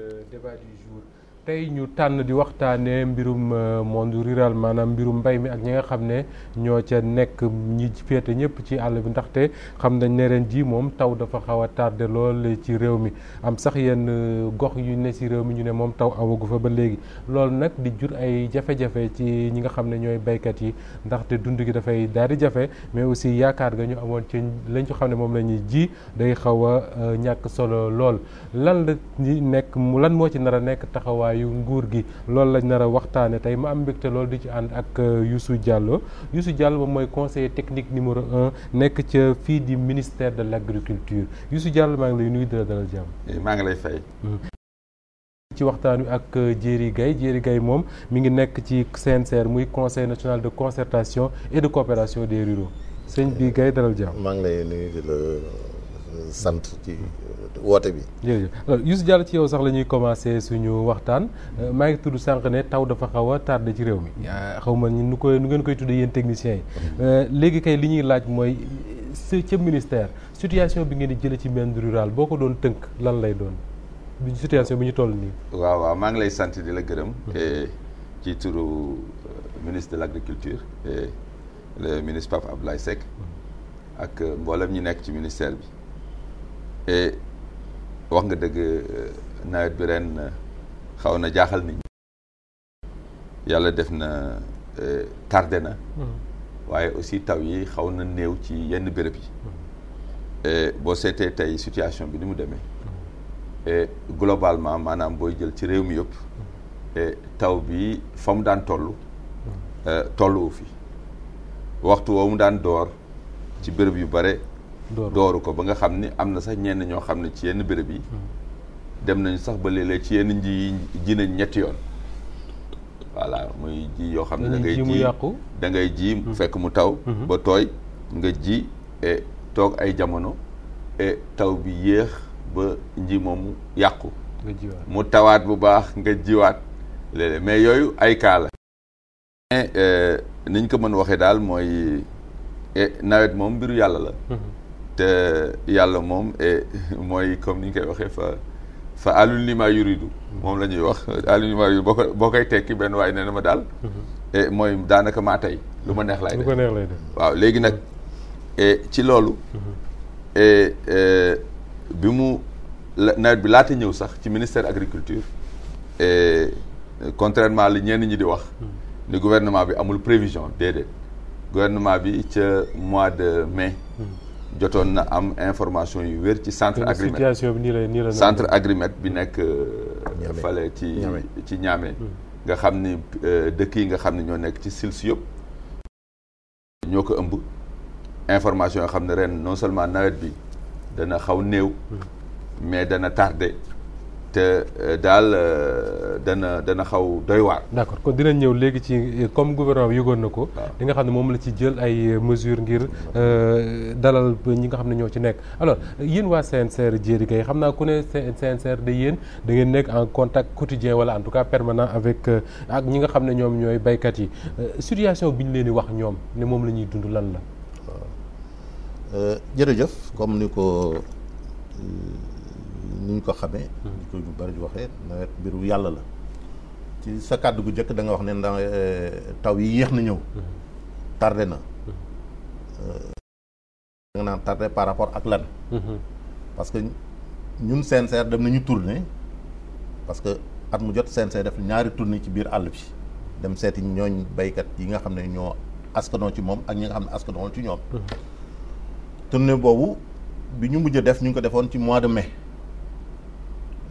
le débat du jour tey ñu tànn di waxtaanee mbirum euh, monde rural maanaam mbirum mbay mi ak ñi nga xam ne ñoo ca nekk ñi féete ñëpp ci àll bi ndaxte xam nañ ne ren ji moom taw dafa xaw a tardé lool ci réew mi am sax yenn euh, gox yu ne si réew mi ñu ne moom taw awagu fa ba léegi loolu nag di jur ay jafe-jafe ci ñi nga xam ne ñooy baykat yi ndaxte dund gi dafay daal di jafe mais aussi yaakaar nga ñu amoon ci lañ ci xam ne moom la ñuy ji day xaw a euh, ñàkk solo lool lan la nekk lan moo ci nar nekk taxawaay taxawaayu nguur gi loolu lañ nar a waxtaane tey ma am mbégte loolu di ci ànd ak jàlloo euh, Diallo Youssou jàll moom mooy conseil technique numéro un nekk ca fii di ministère de l' agriculture Youssou jàll maa ngi lay nuyu di la dalal jàmm. Eh, maa ngi lay fay. Hmm. waxtaan wi ak Diéry euh, Gaye Diéry moom mi ngi nekk ci CNCR muy conseil national de concertation coopération des ruraux sëñ bi Gaye maa ngi la euh, sant ci. woote bi. jërëjëf alors euh, Youssou ci yow sax la ñuy commencé suñu waxtaan euh, maa ngi tudd sànq ne taw dafa xaw a tardé ci réew mi euh, xaw ma nu koy nu ngeen koy tuddee yéen techniciens yi. Mm-hmm. léegi kay li ñuy laaj mooy ca ministère situation bi ngeen di jëlee ci monde rural boo ko doon tënk lan lay doon bi situation bi ñu toll nii. waaw waaw maa ngi lay sant di la gërëm. Mm-hmm. ci turu ministre de l' agriculture. et le ministre Pape Abdoulaye Seck. Mm-hmm. ak mboolem ñu nekk ci ministère bi. wax nga dëgg nawet bi ren euh, xaw na jaaxal nit ñi yàlla def na euh, tardé na hmm. waaye aussi taw yi xaw na néew ci yenn béréb yi hmm. euh, boo seetee tey situation bi ni mu demee hmm. globalement maanaam booy jël ci réew mi yëpp taw bi fa mu daan toll tolluwu fi waxtu woo mu daan door ci béréb yu bare dooru ko ba nga xam ni am na sax ñenn ñoo xam ne ci yenn béréb yi hmm. dem nañu sax ba léeg ci yenn nji ji nañ ñetti yoon voilà muy ji yoo xam ne da ngay ji mu yàqu da ngay ji hmm. fekk mu taw hmm. ba tooy nga ji toog ay jamono taw bi yéex ba nji moomu yàqu mu tawaat bu baax nga jiwaat léeg-léeg mais yooyu ay kaala la mais euh, niñ ko mën waxee daal mooy nawet moom mbiru yàlla la te yàlla moom et mooy comme ni ñu koy waxee fa fa alun lima yuridu moom la ñuy wax alun lima yuridu boo koy boo koy tekki benn waaye nee na ma daal mhm. mooy daanaka maa tey lu ma neex lay def ko neex waaw léegi nag ci loolu mhm. et euh, bi mu nawet bi laata ñëw sax ci ministère agriculture et contrairement li ñenn ñi di wax mhm. ni gouvernement bi amul prévision déedéet gouvernement bi ca mois de mai jotoon na am information yu wér ci centre Agrimed bi nii la nii centre Agrimed bi nekk euh, fale ci ci ñaame hmm. nga xam ni euh, dëkk yi nga xam ne ñoo nekk ci sils yëpp ñoo ko ëmb information yoo xam ne ren non seulement nawet bi dana xaw néew hmm. mais dana tardé te euh, daal euh, dana dana xaw doy waar. d' accord kon dinañ ñëw léegi ci comme gouvernement bi yëgoon na ko. Ah. li nga xam ne moom la ci jël ay mesure ngir euh, dalal ñi nga xam ne ñoo ci nekk. alors yéen waa CNCR Diéry Gaye xam naa ku ne CNCR de yéen da ngeen nekk en contact quotidien wala en tout cas permanent avec ak ñi nga xam ne ñoom ñooy baykat yi situation bi ñu leen di wax ñoom ne moom la ñuy dund lan la. jërëjëf comme ni ko. ni ñu ko xamee. ñu ko ñu bari di waxee nawet mbiru yàlla la. ci sa kàddu gu njëkk da nga wax ne ndax euh, taw yi yéex na ñëw. tarde na. da euh, nga naan tardé par rapport ak lan. parce que ñun CNCR dem nañu tourner parce que at mu jot CNCR def ñaari tournée ci biir àll bi dem seeti ñooñ baykat yi nga xam ne ñoo askanoo ci moom ak ñi nga xam ne askanoo ci ñoom. tournée boobu bi ñu mujj def ñu ngi ko defoon ci mois de mai.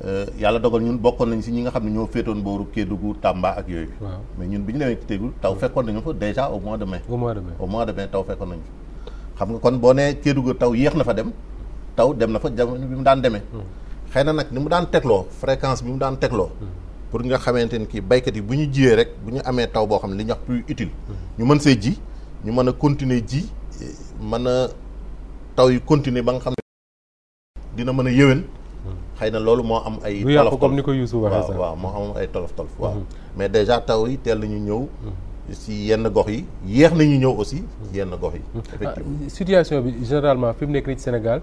Euh, yàlla dogal ñun bokkoon nañ si ñi nga xam ne ñoo féetoon booru Kédougou Tamba ak yooyu. mais ñun bi ñu demee Kédougou taw fekkoon nañu fa déjà au mois de mai. au mois de mai au mois de mai taw fekkoon nañu xam nga kon boo nee Kédougou taw yéex na fa dem taw dem na fa jamono bi mu daan demee. Hmm. xëy na nag ni mu daan tegloo fréquence bi mu daan tegloo. Hmm. pour nga xamante ni kii baykat yi bu ñu jiyee rek bu ñu amee taw boo xam ne li ñuy wax plus utile. Hmm. ñu mën see ji ñu mën a continuer ji mën a taw yi ba nga xam ne dina mën a yéwén xay na loolu moo am ay tolof tolof ko Youssou waxee waaw moo am ay tolof tolof mhm. mais déjà taw yi teel nañu ñëw mhm. si yenn gox yi yéex nañu ñëw aussi yenn gox yi mhm. effectivement ah, bi généralement fi mu nekk nii ci Sénégal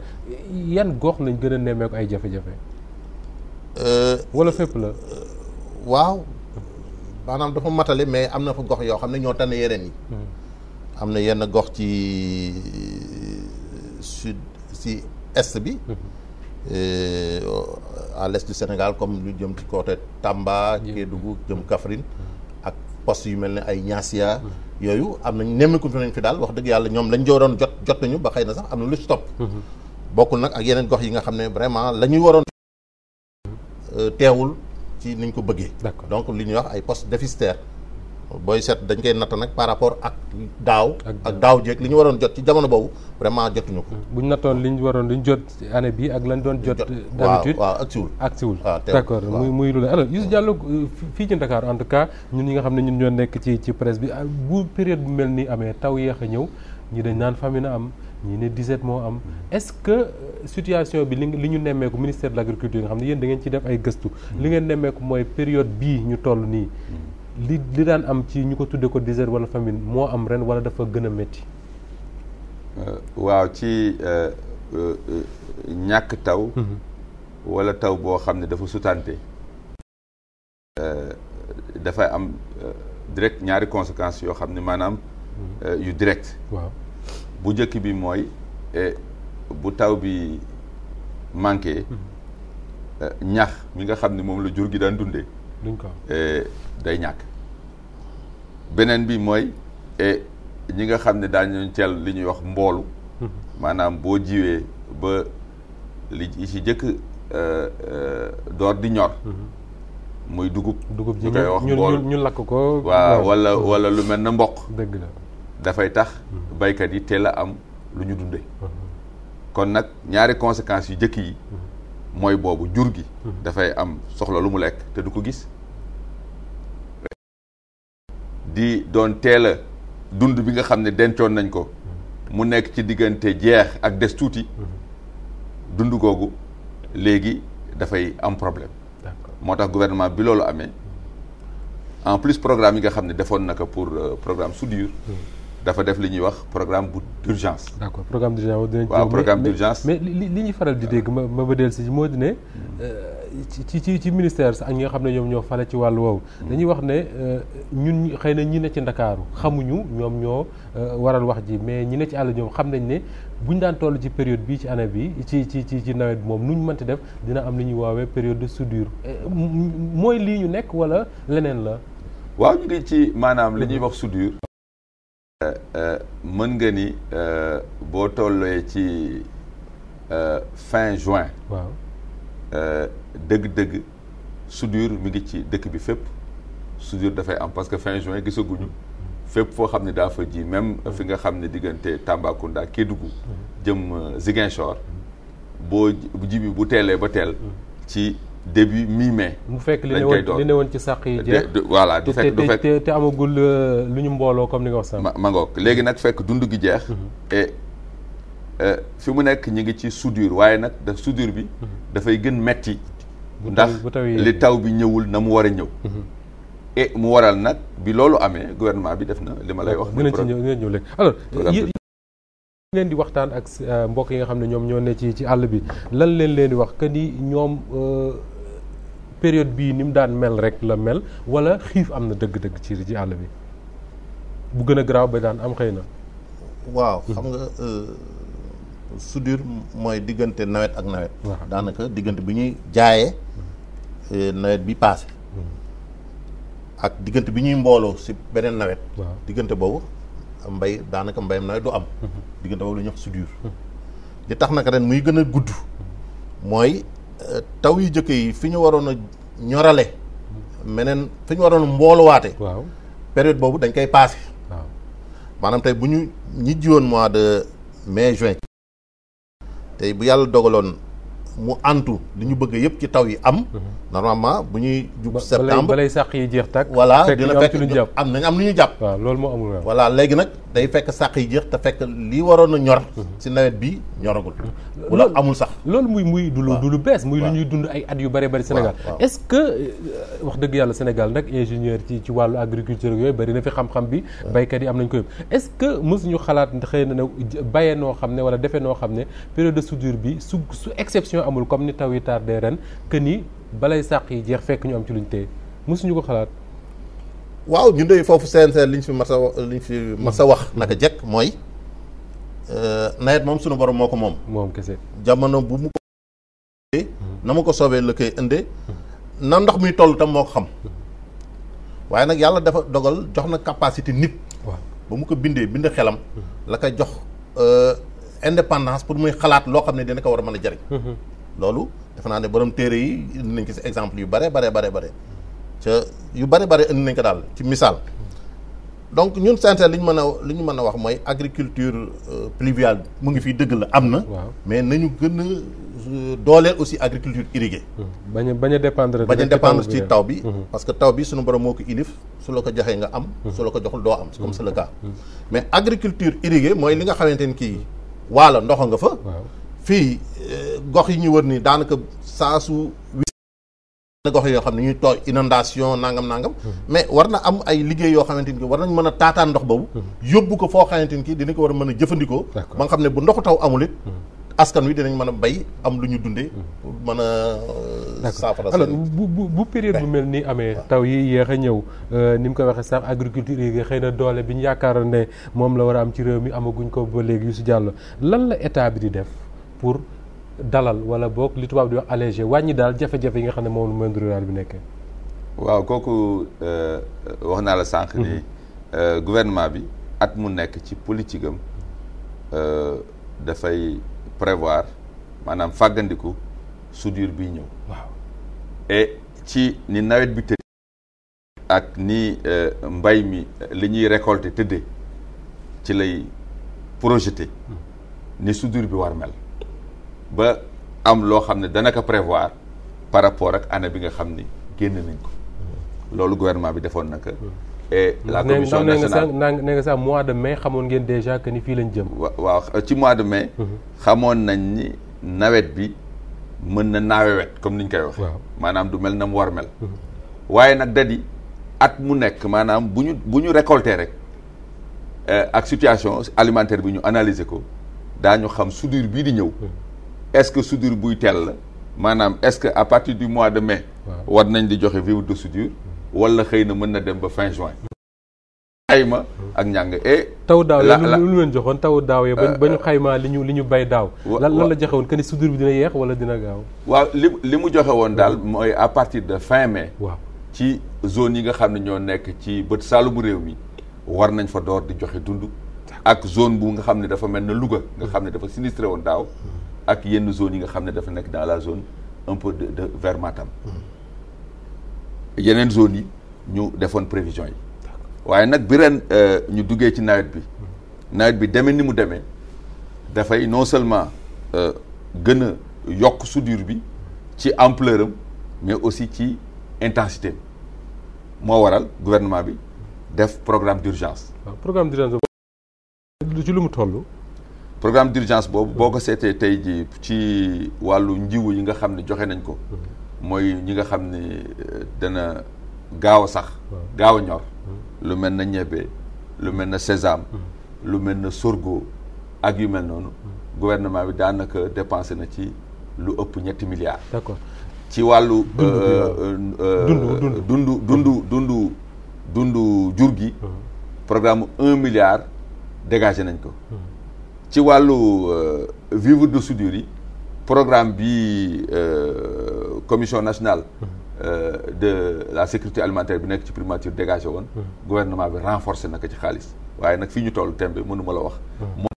yan gox lañ gën a nemmeeku ay jafe-jafe euh, wala fépp la euh, waaw maanaam dafa matale mais am na fa gox yoo xam ne ñoo tane yeneen yi am na yenn gox ci euh, sud si est bi Euh, à l'est du Sénégal comme lu jëm ci côté Tamba Kédougou jëm Kaffrine ak post yu mel ni ay Niassia yooyu am nañ nemmeeku nañ fi daal wax dëgg yàlla ñoom lañ waroon jot jot nañu ba xëy na sax am na lu stop mm-hmm. bokkul nag ak yeneen gox yi nga xam ne vraiment la ñuy waroon euh, teewul ci niñ ko bëggee donc li ñuy wax ay poste déficitaire booy seet dañ koy natta nag par rapport ak daaw. ak daaw jéeg li ñu waroon jot ci jamono boobu vraiment jotuñu ko. bu ñu nattoon li ñu waroon li ñu jot année bi ak lan doon jot. d'habitude waaw waaw ak siwul ak siwul ah, d'accord muy muy lu alors Youssou Diallo euh, fii ci Dakar en tout cas ñun ñi nga xam ne ñun ñoo nekk ci ci presse bi ah, bu période bu mel nii amee taw yéex a ñëw ñi dañ naan famille am. ñii ne diset moo am est-ce que euh, situation bi li li ñu nemmeeku ministère de l'agriculture nga xam ne yéen da ngeen ci def ay gëstu. Mm. li ngeen nemmeeku mooy période bii ñu toll nii. li li daan am ci ñu ko tuddee ko désert wala famine moo am ren wala dafa gën a métti euh, waaw ci euh, euh, ñàkk taw mm-hmm. wala taw boo xam ne dafa sutante dafa am direct ñaari conséquences yoo xam ne maanaam mm-hmm. yu direct waaw bu njëkk bi mooy e, bu taw bi manqué mm-hmm. ñax mi nga xam ne moom la jur gi daan dundee duñ ko eh, day ñàkk beneen bi mooy eh, ñi nga xam ne daañu teel li ñuy wax mboolu hmm. maanaam boo jiwee ba li ci jëkk eh, door di ñor hmm. muy dugub dugub ji ñu koy wax mboolu ñu lakk ko waaw wala wala lu mel na mboq dëgg la dafay tax hmm. baykat yi teel a am lu ñu dunde kon nag ñaari conséquences yu jëkk yi mooy boobu jur gi hmm. dafay am soxla lu mu lekk te du ko gis di doon teel a dund bi nga xam ne dencoon nañ ko mu nekk ci diggante jeex ak des tuuti hmm. dund googu léegi dafay am problème moo tax gouvernement bi loolu amee en plus programme yi nga xam ne defoon na ko pour euh, programme soudure hmm. dafa def li ñuy wax programme bu d'urgence. d'accord programme d'urgence dinañ. waaw programme d'urgence mais li li ñuy faral di dégg ma ma ba dellu si moo di ne euh, ci ci ci ministère sax ak ñi xam ne ñoom ñoo fale ci wàllu woowu. Hmm. dañuy wax ne euh, ñun xëy na ñi ne ci Ndakaaru xamuñu ñoom ñoo euh, waral wax ji mais ñi ne ci àll ñoom xam nañ ne buñ daan toll ci période bii ci année bi ci ci ci ci nawet moom nu ñu mënti def dina am li ñuy woowee période de soudure mooy lii ñu nekk wala leneen la. waaw ñu ngi ci maanaam li ñuy wax soudure. mën nga ni euh, boo tollee ci euh, fin juin. waaw euh, dëgg-dëgg soudure mi ngi ci dëkk bi fépp soudure dafay am parce que fin juin gisaguñu fépp foo xam ne daa fa ji même fi nga xam ne diggante Tambacounda Kédougou mm-hmm. jëm Ziguinchor boo ji bi bu teelee ba teel. Mm-hmm. ci début mi mai. mu fekk li ne li ne woon ci sàq yi jeex voilà du fekk du fekk te te amagul euh, lu ñu mbooloo comme li nga wax sànq. ma ma léegi nag fekk dund gi jeex. Mhm. et euh, fi mu nekk ñi ngi ci soudure waaye nag da soudure bi. Mhm. dafay gën metti ndax li taw bi ñëwul na mu war a ñëw. Mhm. et mu waral nag bi loolu amee gouvernement bi def na li ma lay wax. dinañ ci ñëw dinañ ñëw léegi alors. leen di waxtaan ak euh, mbokk yi nga xam ne ñoom ñoo ne ci ci àll bi lan leen leen di wax que ni ñoom. période bii ni mu daan mel rek la mel wala xiif am na dëgg-dëgg ci ci àll bi bu gën a garaaw ba daan am xëy na. waaw hmm. xam nga euh, soudure mooy diggante nawet ak nawet. daanaka diggante bi ñuy jaayee hmm. euh, nawet bi paase. Hmm. ak diggante bi ñuy mbooloo si beneen nawet. diggante boobu mbay daanaka mbayam nawet du am. diggante boobu la ñuy wax li tax nag ren muy gën a gudd mooy. taw yu jëkk yi fi ñu waroon a ñorale meneen fi ñu waroon a mbooluwaate waaw période boobu dañ koy passé waaw maanaam tey bu ñu ñi jiwoon mois de mais juin tey bu yàlla dogaloon mu antu li ñu bëgg yëpp ci taw yi am. normalement bu ñuy jub septembre balay sàq yi jeex tàkk. voilà dina fekk am nañ am lu ñu jàpp. waaw loolu moo amul voilà léegi nag day fekk sàq yi jeex te fekk li waroon a ñor. si mhm. nawet bi ñoragul. wala amul sax. loolu muy muy du lu du lu bees. muy lu ñuy dund ay at yu bari bari Sénégal. est-ce que euh, wax dëgg yàlla Sénégal nag ingénieur ci ci wàllu agriculture yooyu bari na fi xam-xam bi. baykat yi am nañ ko est-ce que mës ñu xalaat xëy na ne bayee noo xam ne wala defee noo xam ne période de soudure bi su su exception amul comme ni taw yi tardé ren que ni balay sàq yi jeex fekk ñu am ci luñ téye mosuñu ko xalaat. waaw ñu de foofu CNCR liñ fi mas a liñ fi mas a wax naka jekk mooy euh, nawet moom sunu borom moo ko moom. moom kese jamono bu mu ko. na ma ko soobee la koy indee. na ndox muy toll tam moo ko xam. waaye nag yàlla dafa dogal jox na capacité nit. waaw ba mu ko bindee bind xelam. la ko jox euh, indépendance pour muy xalaat loo xam ne dina ko war a mën a jariñ. Mhm. loolu defe naa ne borom téere yi indi nañ ko si exemple yu bare bare bare bare ca yu bare bare indi nañ ko daal ci misaal donc ñun Sénégal li ñu mën a li ñu mën a wax mooy agriculture euh, pluviale mu ngi fii dëgg la am na. mais na ñu gën a euh, dooleel aussi agriculture irriguée. bañ hmm. a bañ a bañ a dépendre ci taw bi. Hmm. parce que taw bi suñu borom moo ko ilif su la ko joxee nga am. Hmm. su la ko joxul doo am comme c'est le cas. mais agriculture irriguée mooy li nga xamante ni kii waalo ndox nga fa. fii eh, gox yi ñu wër nii daanaka saa su na gox yoo xam ne ñuy tooy inondation nangam nangam hmm. mais war na am ay liggéey yoo xamante ni war nañ mën a taataan ndox boobu hmm. yóbbu ko foo xamante ni dina ko war a mën a jëfandikoo ba nga xam ne bu ndoxu taw amul it hmm. askan wi dinañ mën a bay am lu ñu dundee mën a euh, saafara alors bu bu période bu mel nii amee taw yi yéex a ñëw euh, ni mu ko waxee sax agriculture yi xëy na doole bi ñu yaakaar ne moom la war a am ci réew mi amaguñ ko ba léegi Youssou Diallo lan la état bi di def pour dalal wala boog li tubaab di wax allégé wàññi daal jafe-jafe yi nga xam ne moom monde rural bi nekkee. waaw kooku euh, euh, wax naa la sànq ni mm-hmm. euh, gouvernement bi at mu nekk ci politique am dafay prévoir maanaam fàggandiku soudure bi ñëw. waaw et ci ni nawet bi tëdd ak ni mbay mi li ñuy récolter tëddee ci lay projeté mm. ni soudure bi war mel. ba am loo xam ne dana ko prévoir par rapport ak année bi nga xam ni génn nañ ko loolu gouvernement bi defoon na ko et la commission nationale ne nga sax mois de mai xamoon ngeen déjà que ni fii lañ jëm waaw ci mois de mai mhm. xamoon nañ ni nawet bi mën na naawewet comme ni ñu koy wax maanaam du mel na mu war mel mhm. waaye nag dadi at mu nekk maanaam bu ñu bu ñu récolter rek eh, ak situation alimentaire bi ñu analyser ko daa ñu xam soudure bii di ñëw mhm. est-ce que soudure buy teel la maanaam est-ce que à partir du mois de mai war nañ di joxe vivre de wala xëy na mën na dem ba fin juin ma ak njàng et taw daaw lu leen joxoon taw daaw yi ba ñu euh, xayma li ñu li ñu bay daaw lan lan la joxe woon que ni bi dina yeex wala dina gaaw waaw li li mu joxe woon daal mm-hmm. mooy à partir de fin mai waaw ci zone yi nga xam ne ñoo nekk ci bët saalumu réew mi war nañ fa door di joxe dund ak zone bu nga xam ne dafa mel na Louga nga xam ne dafa sinistré woon daaw mm-hmm. ak yenn zone yi nga xam ne dafa nekk dans la zone un peu de de vers Matam yeneen zone yi ñu defoon prévision yi waaye nag bi ren euh, ñu duggee ci nawet bi nawet bi demee ni mu demee dafay non seulement euh, gën a yokk soudure bi ci ampleur mais aussi ci intensité moo waral gouvernement bi def programme d'urgence. waaw programme d'urgence ci lu mu toll. programme d'urgence boobu boo ko seetee tey jii ci wàllu njiwu yi nga xam ne joxe nañ ko mm-hmm. mooy ñi nga xam ne euh, dana gaaw a sax gaaw a ñor mm-hmm. lu mel na ñebbe lu mel na sésame mm-hmm. lu mel na sorgho ak yu mel noonu gouvernement bi daanaka dépensé na ci lu ëpp ñetti milliards d'accord ci wàllu dundu euh, euh, dundu dundu dundu dundu jur gi programme un milliard dégagé nañ ko ci wàllu euh, vivre de soudure yi programme bi euh, commission nationale euh, de la sécurité alimentaire bi nekk ci primature dégagé woon mmh. gouvernement bi renforcé na ko ci xaalis waaye nag fii ñu toll tembe mënuma la wax mmh.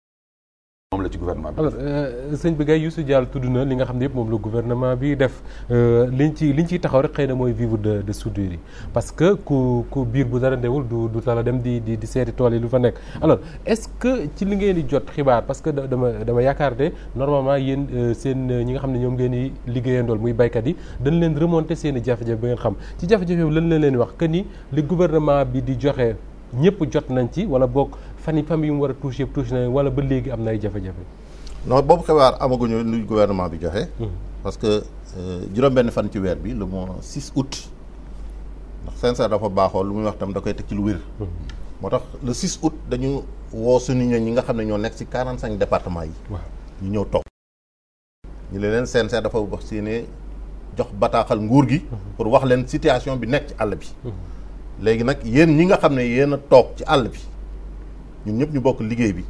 ci gouvernement bi. alors euh, sëñ bi yu Youssou Diallo tudd na li nga xam ne yëpp moom la gouvernement bi def euh, liñ ci liñ ciy taxaw rek xëy na mooy vivre de de soudure yi parce que ku ku biir bu dara ndewul du du tala dem di di di seeti tool yi lu fa nekk. alors est-ce que ci li ngeen di jot xibaar parce que dama dama yaakaar de normalement yéen euh, seen ñi nga xam ne ñoom ngeen di liggéeyandool muy baykat yi dañ leen remonter seen i jafe-jafe ba ngeen xam ci jafe-jafe lan la leen wax que ni li gouvernement bi di joxe ñëpp jot nañ ci wala boog. fan famille yu mu war a touché yëpp touché na wala ba léegi am na ay jafe-jafe. non boobu xibaar amaguñu lu gouvernement bi joxe. Hmm. parce que euh, juróom-benn fan ci weer bi lu mois 6 août. ndax sincère dafa baaxoo lu muy wax tam da koy teg ci lu wér. Hmm. moo tax le 6 août dañu woo suñu ñoom ñi nga xam ne ñoo nekk ci 45 départements yi. waaw ñu ñëw toog. ñu ne leen sincère dafa wax si ne jox bataaxal nguur gi. Hmm. pour wax leen situation bi nekk ci àll bi. léegi nag yéen ñi nga xam ne yéen a toog ci àll bi. ñun ñëpp ñu bokk liggéey bi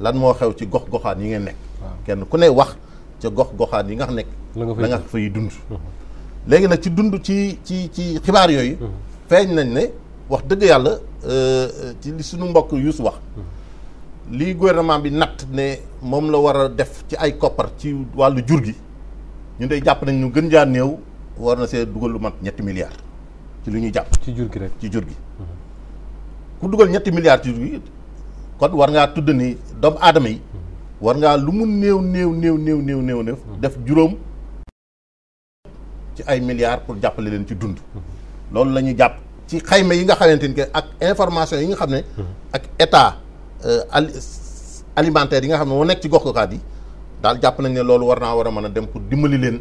lan moo xew ci gox goxaan yi ngeen nekk. kenn ku ne wax ca gox goxaan yi nga xam nekk. la nga yi dund. Mhm. léegi nag ci dund ci ci ci xibaar yooyu. Mhm. feeñ nañ ne wax dëgg yàlla euh, ci li suñu mbokk Youssou wax. Mhm. lii gouvernement bi natt ne moom la war a def ci ay koppar ci wàllu jur gi ñu dey jàpp nañ ñu gën jaan néew war na see dugal lu mat ñetti milliards ci li ñuy jàpp. ci jur gi rek ci jur gi. ku dugal ñetti milliards ci jur gi kon war ngaa tudd ni doomu aadama yi war ngaa lu mu néew néew néew néew néew néew néew def juróom ci ay milliards pour jàppale leen ci dund loolu la ñuy jàpp ci xayma yi nga xamante ni ak information yi nga xam ne ak état euh, alimentaire yi nga xam ne moo nekk ci gox goxaat yi daal jàpp nañ ne loolu war naa war mën a dem pour dimbali leen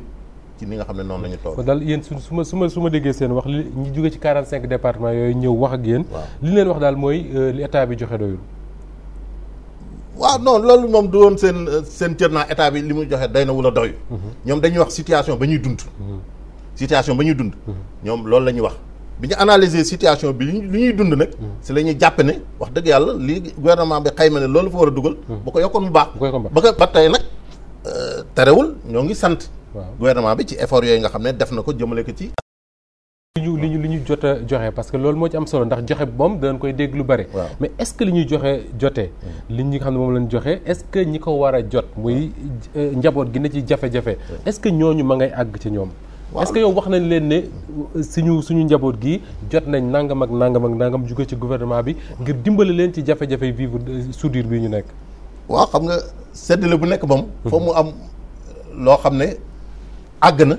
ci ni nga xam ne noonu la ñu toog. kon daal yéen su su ma su ma su ma déggee seen wax li ñu jóge ci 45 départements yooyu ñëw wax ak yéen. li leen wax mooy euh, li bi joxe doyul. waaw non loolu moom du woon seen euh, seen cër naa état bi li muy joxe doy na wala doy. Mm-hmm. ñoom dañuy wax situation ba ñuy dund. Mm-hmm. situation ba ñuy dund. Mm-hmm. ñoom loolu la ñuy wax bi ñu analyser situation bi lu ñuy dund nag. si la ñuy jàpp ne wax dëgg yàlla li gouvernement bi xayma ne loolu fa war a dugal. bu ko yokkoon bu baax. ba ko ba tey nag euh, terewul ñoo ngi sant. gouvernement bi ci effort yooyu nga xam ne def na ko jëmale ko ci. li ñu li ñu li ñu jot a joxe parce que loolu moo ci am solo ndax joxe moom danañ koy dégg lu bari mais est-ce que li ñuy joxe jote li ñu nga xam ne moom lañ joxe est-ce que ñi ko war a jot muy euh, njaboot gi na ci jafe-jafe ce que ñooñu ma ngay àgg ci ñoom est yow wax nañ leen ne euh, suñu suñu njaboot gi jot nañ nangam ak nangam ak nangam jóge ci gouvernement bi ngir dimbali leen ci jafe-jafe vivre euh, soudure bi ñu nekk waaw xam nga seddale bu nekk moom mhm. foo mu am loo xam ne àgg na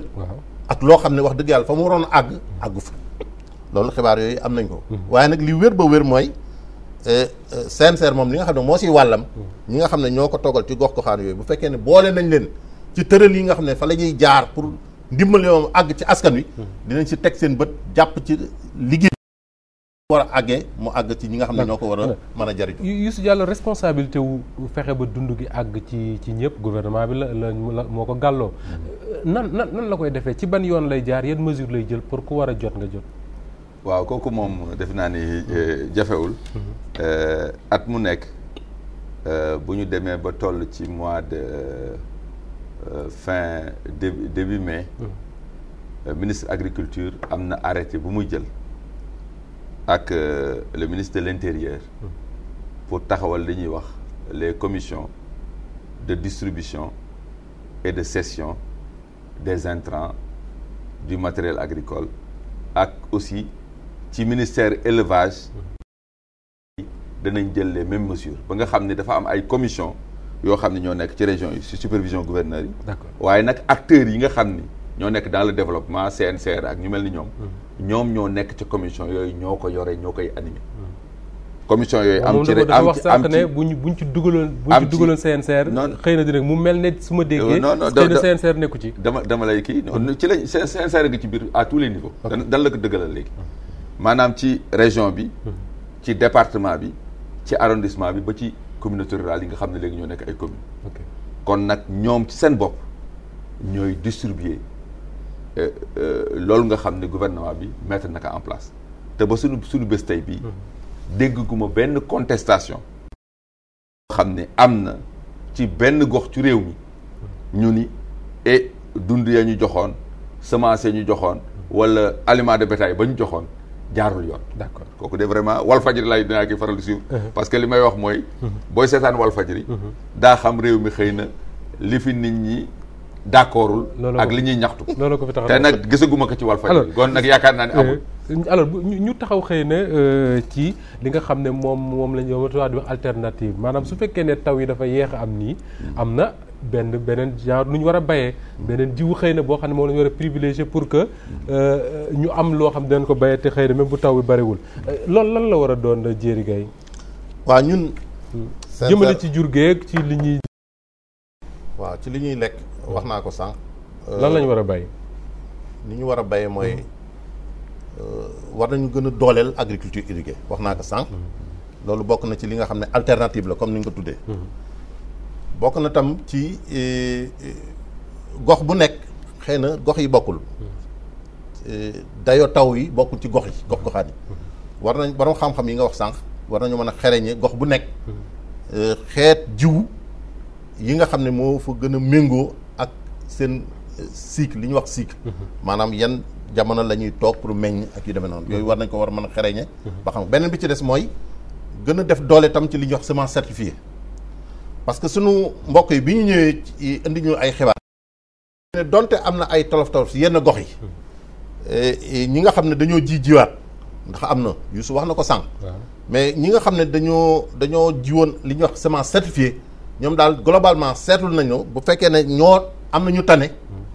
ak loo xam ne wax dëgg yàlla fa mu waroon àgg àggu fa loolu xibaar yooyu am nañ ko. waaye nag li wér ba wér mooy eh, eh, CNCR moom li nga xam ne moo siy wàllam. ñi nga xam ne ñoo ko toggal ci gox goxaan yooyu bu fekkee ne boole nañ leen ci tëral yi nga xam ne fa la ñuy jaar pour ndimbal yoom àgg ci askan bi hmm. dinañ si teg seen bët jàpp ci liggéey. war a àggee mu àgg ci ñi nga xam ne ñoo ko war a mën a jariñu su Diallo responsabilité wu fexe ba dund gi àgg ci ci ñëpp gouvernement bi la la moo ko gàlloo hmm. nan nan nan la koy defee ci ban yoon lay jaar yan mesure lay jël pour ku war a jot nga jot waaw kooku moom defe naa ni euh, jafewul hmm. euh, at mu nekk euh, bu ñu demee ba toll ci mois de fin début mai hmm. ministre agriculture am na arrêté bu muy jël ak euh, le ministre de l'intérieur pour taxawal li ñuy wax les commissions de distribution et de session des intrants du matériel agricole ak aussi ci ministère élevage danañ jël les mêmes mesures ba nga xam ni dafa am ay commission yoo xam ne ñoo nekk ci région yi ci supervision gouverneur yi waaye nag acteurs yi nga xam ni ñoo nekk dans le développement CNCR ak ñu mel ni ñoom. Hmm. ñoom ñoo nekk ci commission yooyu ñoo ko yore ñoo koy animé. Hmm. commission yooyu am ci rek am ci am ci moom buñ ci dugaloon buñ ci dugaloon CNCR. non xëy na dina mu mel ne su ma déggee. non non xëy ci. dama dama lay kii non hmm. ci lañ CNCR nga ci biir à tous les niveaux. dan la ko dëggalal maanaam ci région bi. ci département bi. ci arrondissement bi ba ci communauté rurale yi nga xam ne léegi ñoo nekk ay communes. kon nag ñoom ci seen bopp ñooy distribuer. Euh, euh, loolu nga xam ne gouvernement bi mettre na ko en place te ba suñu suñu bés tey bii mm-hmm. dégg gu ma benn contestation xam ne am na ci benn gox ci réew mi mm-hmm. ñu ni e dund ya ñu joxoon semence ya ñu joxoon mm-hmm. wala aliment de bétail ba ñu joxoon jaarul yoon d'accord kooku de vraiment Walfadjri laay dinaa ki faral faralu suivre parce que li may wax mooy booy seetaan Walfadjri daa xam réew mi xëy na li fi nit ñi d'accordul ak li ñuy ñaxtu loolu ko fi taxaw te nag gisaguma ko ci Walfadjri kon nag yaakaar naa ne amul eh, alors ñu taxaw xëy na euh, ci li nga xam ne moom moom la ñu watuwaa di wax alternative maanaam su fekkee ne taw yi dafa yeex am nii am na benn beneen genre lu ñu war a bayee beneen jiwu xëy na boo xam ne moom la ñu war a pour que euh, ñu am loo xam ne dinañ ko bayee te xëy na même bu taw bi bariwul euh, lool lan la war a doon jéeri gay waaw ñun hmm. jëmale ci jurgeek ci li ñuy waaw ci li ñuy lekk wax naa ko sànq. Euh, lan lañu war a bay. ni ñu war a bay mooy euh, war nañu gën a dooleel agriculture irriguée wax naa ko sànq. Hmm. loolu bokk na ci li nga xam ne alternative la comme ni nga ko tuddee. Hmm. bokk na tam ci euh, gox bu nekk xëy na gox yi bokkul. Hmm. dayo taw yi bokkul ci gox yi gox goxaat yi. war nañ borom xam-xam yi nga wax sànq war nañu mën a xereñe gox bu nekk. xeet jiw yi nga xam ne moo fa gën a méngoo seen euh, cycle li ñuy wax cycle. Mhm. maanaam yan jamono la ñuy toog pour meññ ak yu demee noonu. Mhm. yooyu war nañ ko war a mën a xereñe mhm. ba xam beneen bi ci des mooy gën a def doole tam ci li ñuy wax semence certifiée parce que sunu mbokk yi bi ñu ñëwee ci indi ñu ay xibaar. ne donte am na ay tolof tolof si yenn gox yi. Eh, eh, ñi nga xam ne dañoo ji jiwaat ndax am na Youssou wax na ko sànq. mais ñi nga xam ne dañoo dañoo jiwoon li ñuy wax semence certifiée ñoom daal globalement seetlu nañu bu fekkee ne ñoo. am na ñu tane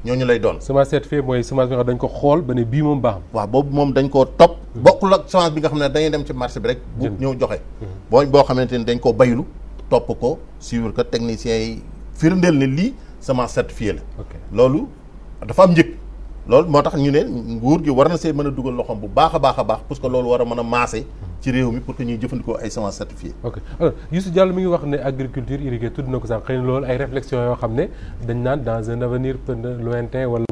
ñu lay doon. semence certifiée mooy semence bi nga dañ ko xool ba ne bii moom baax na. waaw boobu moom dañ koo topp. bokkul ak semence bi nga xam ne dañuy dem ci marché bi rek. bu ñëw joxe. boo boo xamante ni dañ koo baylu topp ko suivre ko techniciens yi firndeel ne lii semence certifiée la. loolu dafa am njëg. loolu moo tax ñu ne nguur gi war na see mën a dugal loxoom bu baax a baax a baax parce que lool war a mën a maase ci réew mi pour que ñuy jëfandikoo ay semences certifiées. ok alors Youssou Diallo mi ngi wax ne agriculture irriguée tudd na ko sax xëy na loolu ay réflexions yoo xam ne dañ naan dans un avenir peu lointain wala.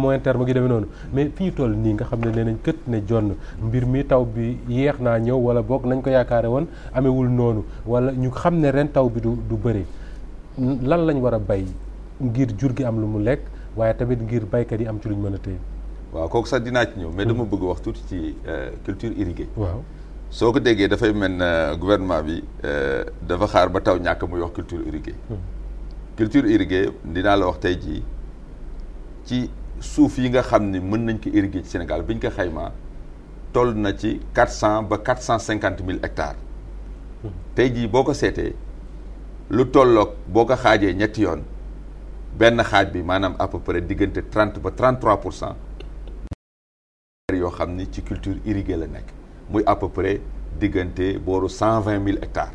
moyen terme gi demee noonu mais fi ñu toll nii nga xam ne nee nañ kët ne jonn mbir mi taw bi yeex naa ñëw wala bokk nañ ko yaakaare woon amewul noonu wala ñu xam ne ren taw bi du du bëri lan lañ war a bay ngir jur gi am lu mu lekk. waaye tamit ngir baykat yi am ci luñ mën a téye. waaw kooku sax dinaa ci ñëw mais dama hmm. bëgg wax tuuti ci euh, culture irriguée. waaw soo ko déggee dafay mel ne euh, gouvernement bi euh, dafa xaar ba taw ñàkk muy wax culture irriguée. Hmm. culture irriguée dinaa la wax tey jii ci suuf yi nga xam ni mën nañ ko irriguer ci Sénégal biñ ko xaymaa toll na ci quatre cent ba quatre cent cinquante mille hectares. Hmm. tey jii boo ko seetee lu tolloog boo ko xaajee ñetti yoon. benn xaaj bi maanaam à peu près diggante trente ba trente trois pour cent yoo xam ni ci culture irriguée la nekk muy à peu près diggante booru cent vingt mille hectares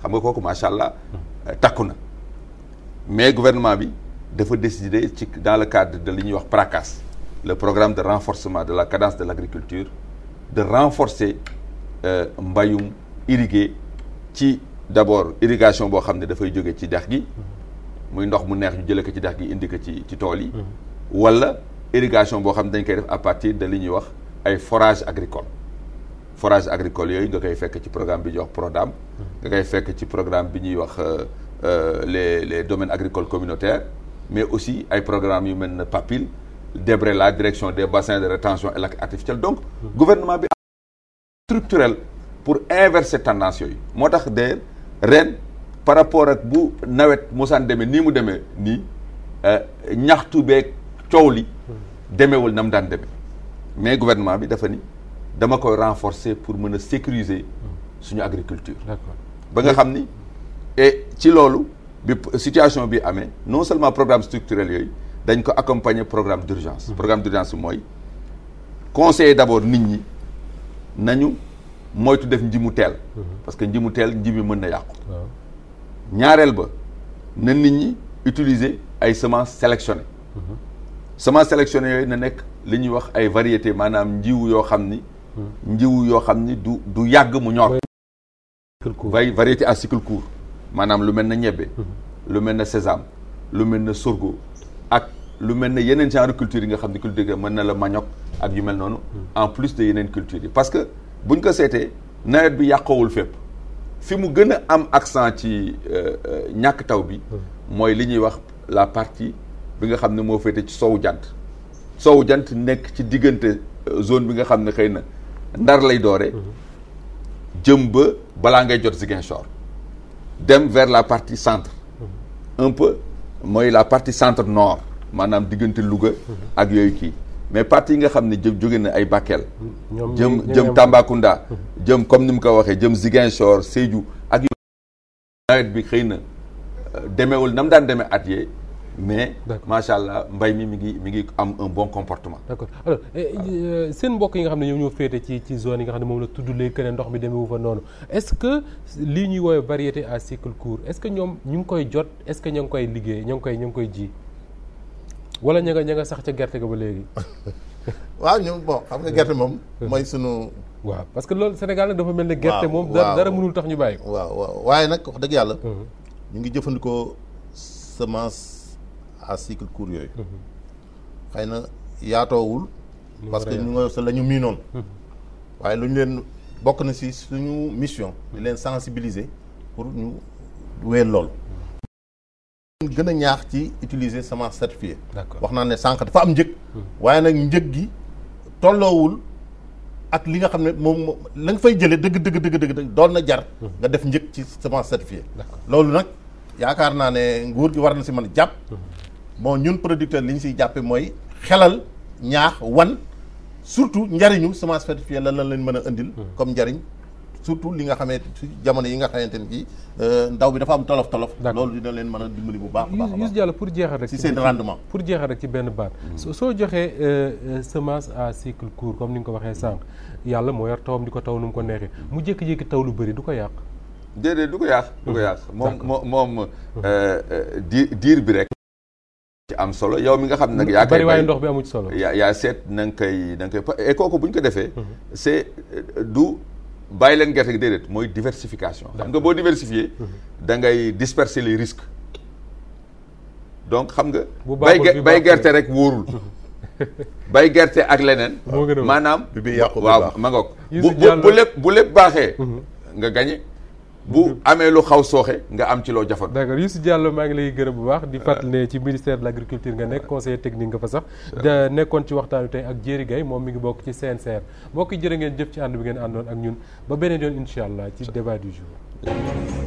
xam nga kooku macha allah takku na mais gouvernement bi dafa décider ci dans le cadre de li ñuy wax PRACAS le programme de renforcement de la cadence de l'agriculture de renforcer euh, mbayum irrigué ci d'abord irrigation boo xam ne dafay jóge ci dex gi muy ndox mu neex ñu jëlee ko ci dex gi indi ko ci ci tool yi. wala irrigation boo xam ne dañ koy def à partir de li ñuy wax ay forage agricole forage agricole yooyu nga koy fekk ci programme bi ñuy wax PRODAM. nga koy fekk ci programme bi ñuy wax euh, euh, les les domaines agricoles communautaires. mais aussi ay programmes yu mel ne PAPIL DEBRELA la direction des bassins de rétention et lacs artificiels donc. gouvernement bi structurel pour inverser tendance yooyu moo tax de ren. par rapport ak bu nawet mosaan demee nii mu demee nii euh, ñaxtu beeg coow li demewul na mu daan demee mais gouvernement bi dafa ni dama koy renforcer pour mën a sécuriser suñu agriculture ba nga xam ni et ci loolu bi situation bi amee non seulement programme structurel yooyu dañ ko accompagner programme d'urgence mm-hmm. programme d'urgence bi mooy conseiller d'abord nit ñi nañu moytu def nji mu teel mm-hmm. parce que nji teel nji mi mën na yàqu ñaareel ba na nit ñi utiliser ay semences sélectionnées semences sélectionnées yooyu na nekk li ñuy wax ay variété maanaam njiwu yoo xam ni njiwu yoo xam ni du du yàgg mu ñor ay variété à cycle court maanaam lu mel na ñebbe lu mel na sésame lu mel na sorgo ak lu mel na yeneen genre culture yi nga xam ne culture mën na la manioc ak yu mel noonu en plus de yeneen cultures yi parce que buñ ko seetee nawet bi yàqoowul fépp fi mu gën a am accent ci euh, euh, ñàkk taw bi hmm. mooy li ñuy wax la partie bi nga xam ne moo féete ci sowu jant sowu jant nekk ci diggante euh, zone bi nga xam ne xëy na ndar lay doore hmm. jëm ba balaa ngay jot Ziguinchor dem vers la partie centre hmm. un peu mooy la partie centre nord maanaam diggante Louga ak yooyu kii mais parti yi nga xam ne jëm jóge na ay Bakel. jëm jëm Tambacounda. Hmm. jëm comme ni mu ko waxee jëm Ziguinchor Sédhiou ak yu. nawet bi xëy na euh, demeewul nam daan demee at yee mais macha allah mbay mi mi ngi mi ngi am un bon comportement. d' accord alors eh, eh, euh, seen mbokk yi nga xam ne ñoom ñoo féete ci ci zone yi nga xam ne moom la tudd léegi que ne ndox mi demewu fa noonu est ce que lii ñuy woowee variété à cycle court est ce que ñoom ñu ngi koy jot est ce que ñoo ngi koy liggéey ñoo ngi koy ñoo ngi koy ji. wala ña nga sax ca gerte ga ba léegi. waaw ñu bon xam nga gerte moom. mooy sunu. waaw parce que loolu Sénégal nag dafa mel ni gerte moom dara dara tax ñu bàyyi waaw waaw waaye nag wax dëgg yàlla. Mhm. ñu ngi jëfandikoo semence à cycle court yooyu. Mhm. xëy na yaatoowul. parce que ñu nga sa lañu ñu miinoon. Mhm. waaye lu ñu leen bokk na si suñu mission. di leen sensibiliser pour ñu wéyal lool gën a ñaax ci utiliser semence certifiée wax naa ne sànq dafa am njëg hmm. waaye nag njëg gi tolloowul ak li nga xam ne moom la nga fay jëlee dëgg dëgg dëgg dëgg doon na jar hmm. nga def njëg ci semence certifiée loolu nag yaakaar naa ne nguur gi war na si mën a jàpp hmm. bon ñun producteur li ñu siy jàppe mooy xelal ñaax wan surtout njariñu semence certifiée lan la leen mën a indil comme njariñ surtout li nga xamante jamono yi nga xamante ni kii euh, ndaw bi dafa am tolof tolof. loolu dina leen mën a dimbali bu baax a baax. Youssou Diallo pour jeexal rek. ci seen rendement pour jeexal rek ci benn baat. Mm-hmm. soo joxee euh, euh, semence à cycle court comme ni nga ko waxee sànq yàlla moo yor tawam di ko taw nu mu ko neexee mu jékki-jékki taw lu bari du ko yàq. déedéet du ko yàq. du ko yàq mm-hmm. moom moom di diir bi rek. ci am solo yow mi nga xam nag yaa koy waaye ndox bi amul solo yaa yaa seet na koy na koy et bu ñu ko defee mm-hmm. bàyyi leen gerte gi déedéet mooy diversification xam nga boo diversifier da ngay disperser les risques donc xam nga bay bay gerte rek wóorul bay gerte ak leneen maanaam waaw ma ngoog bu bu lépp bu lépp baaxee mhm. nga gañe bu amee lu xaw sooxe nga am ci loo jafon d'accord Youssou Diallo maa ngi lay gërëm bu baax di fàttali ne ci ministère de l'agriculture nga nekk conseiller technique nga fa sax da nekkoon ci waxtaanu tey ak Diéry Gaye moom mi ngi bokk ci CNCR mbokk jërë ngeen jëf ci ànd bi ngeen àndoon ak ñun ba beneen yoon incha allah ci débat du jour